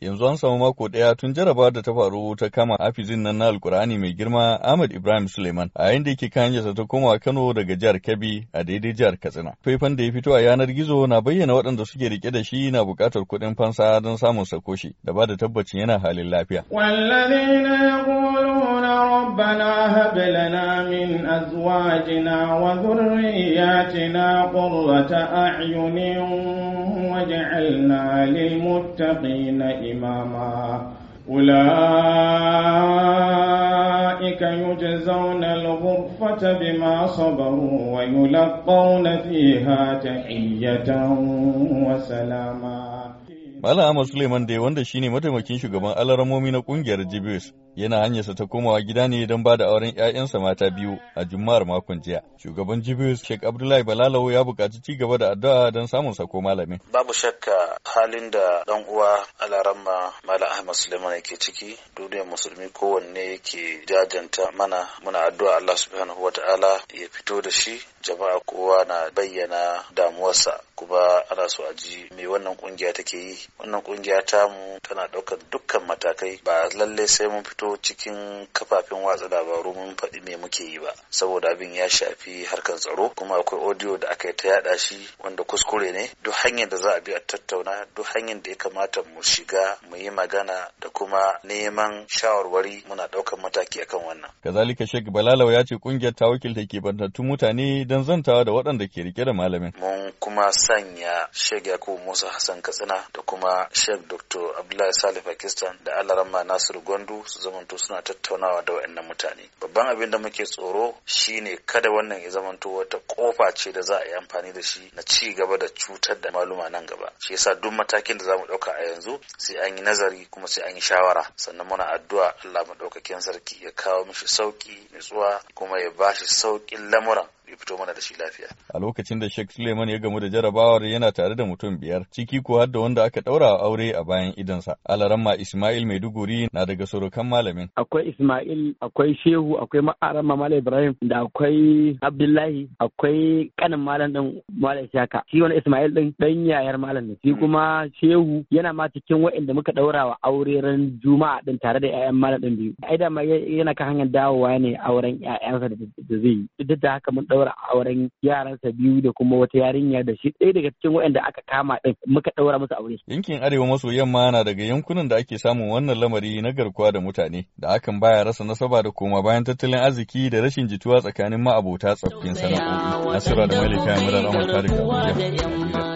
Yanzu an samu mako ɗaya tun jaraba da ta faru ta kama afizin nan na Alkur'ani mai girma Ahmad Ibrahim Suleiman a yayin da yake kan ta koma Kano daga jihar Kebbi a daidai jihar Katsina. Faifan da ya fito a yanar gizo na bayyana waɗanda suke rike da shi na buƙatar kuɗin fansa don samun sakoshi da ba da tabbacin yana halin lafiya. والذين min ربنا هب لنا جعلنا للمتقين إماما أولئك يجزون الغرفة بما صبروا ويلقون فيها تحية وسلاما Suleiman dai wanda ne mataimakin shugaban alaramomi na ƙungiyar Jibis yana hanyarsa ta komawa gida ne don ba da auren 'ya'yansa mata biyu a juma'ar makon jiya shugaban jibius sheikh abdullahi balalawo ya buƙaci ci gaba da addu'a don samun sako malamin babu shakka halin da dan uwa alaramma malam ahmad suleiman yake ciki duniya musulmi kowanne yake jajanta mana muna addu'a allah subhanahu wataala ya fito da shi jama'a kowa na bayyana damuwarsa kuma ana so a ji me wannan kungiya take yi wannan kungiya ta mu tana ɗaukar dukkan matakai ba lallai sai mun fito fito cikin kafafen watsa labaru mun faɗi me muke yi ba saboda abin ya shafi harkar tsaro kuma akwai audio da aka yi ta yada shi wanda kuskure ne duk hanyar da za a bi a tattauna duk hanyar da ya kamata mu shiga mu yi magana da kuma neman shawarwari muna ɗaukar mataki akan Kazalika shek Balalau ya ce kungiyar ta wakilta bantattun mutane don zantawa da waɗanda ke rike da malamin. Mun kuma sanya Sheikh Yakubu Musa Hassan Katsina da kuma shek Dr. Abdullahi Salih Pakistan da Alarama Nasiru Gwandu su zamanto suna tattaunawa da waɗannan mutane. Babban abin da muke tsoro shine kada wannan ya zamanto wata kofa ce da za a yi amfani da shi na ci gaba da cutar da maluma nan gaba. Shi yasa duk matakin da za mu ɗauka a yanzu sai an yi nazari kuma sai an yi shawara sannan muna addu'a Allah maɗaukakin sarki ya kawo mishi sauki nutsuwa kuma ya bashi sauƙin lamuran ya fito mana da shi lafiya. A lokacin da Sheikh Suleiman ya gamu da jarabawar yana tare da mutum biyar, ciki ko har da wanda aka ɗaura aure a bayan idansa. Alaramma Ismail Maiduguri na daga Sorokan malamin. Akwai Ismail, akwai Shehu, akwai Ma'aramma Malam Ibrahim, da akwai Abdullahi, akwai kanin malam ɗin Malam Shaka. Shi wani Ismail ɗin ɗan yayar malam ne. Shi hmm. kuma Shehu yana ma cikin waɗanda muka ɗaura wa aure ran Juma'a ɗin tare da 'ya'yan malam ɗin biyu. Ai da ma yana kan hanyar dawowa ne auren 'ya'yansa da zai yi. Duk da haka mun daura auren yaransa biyu da kuma wata yarinya da shi ɗaya daga cikin waɗanda aka kama ɗin muka ɗaura musu aure. Yankin Arewa maso yamma na daga yankunan da ake samun wannan lamari na garkuwa da mutane da akan baya rasa nasaba da koma bayan tattalin arziki da rashin jituwa tsakanin ma'abota tsaffin sana'o'i. Nasira da Malika Yamurar Amurka daga Abuja.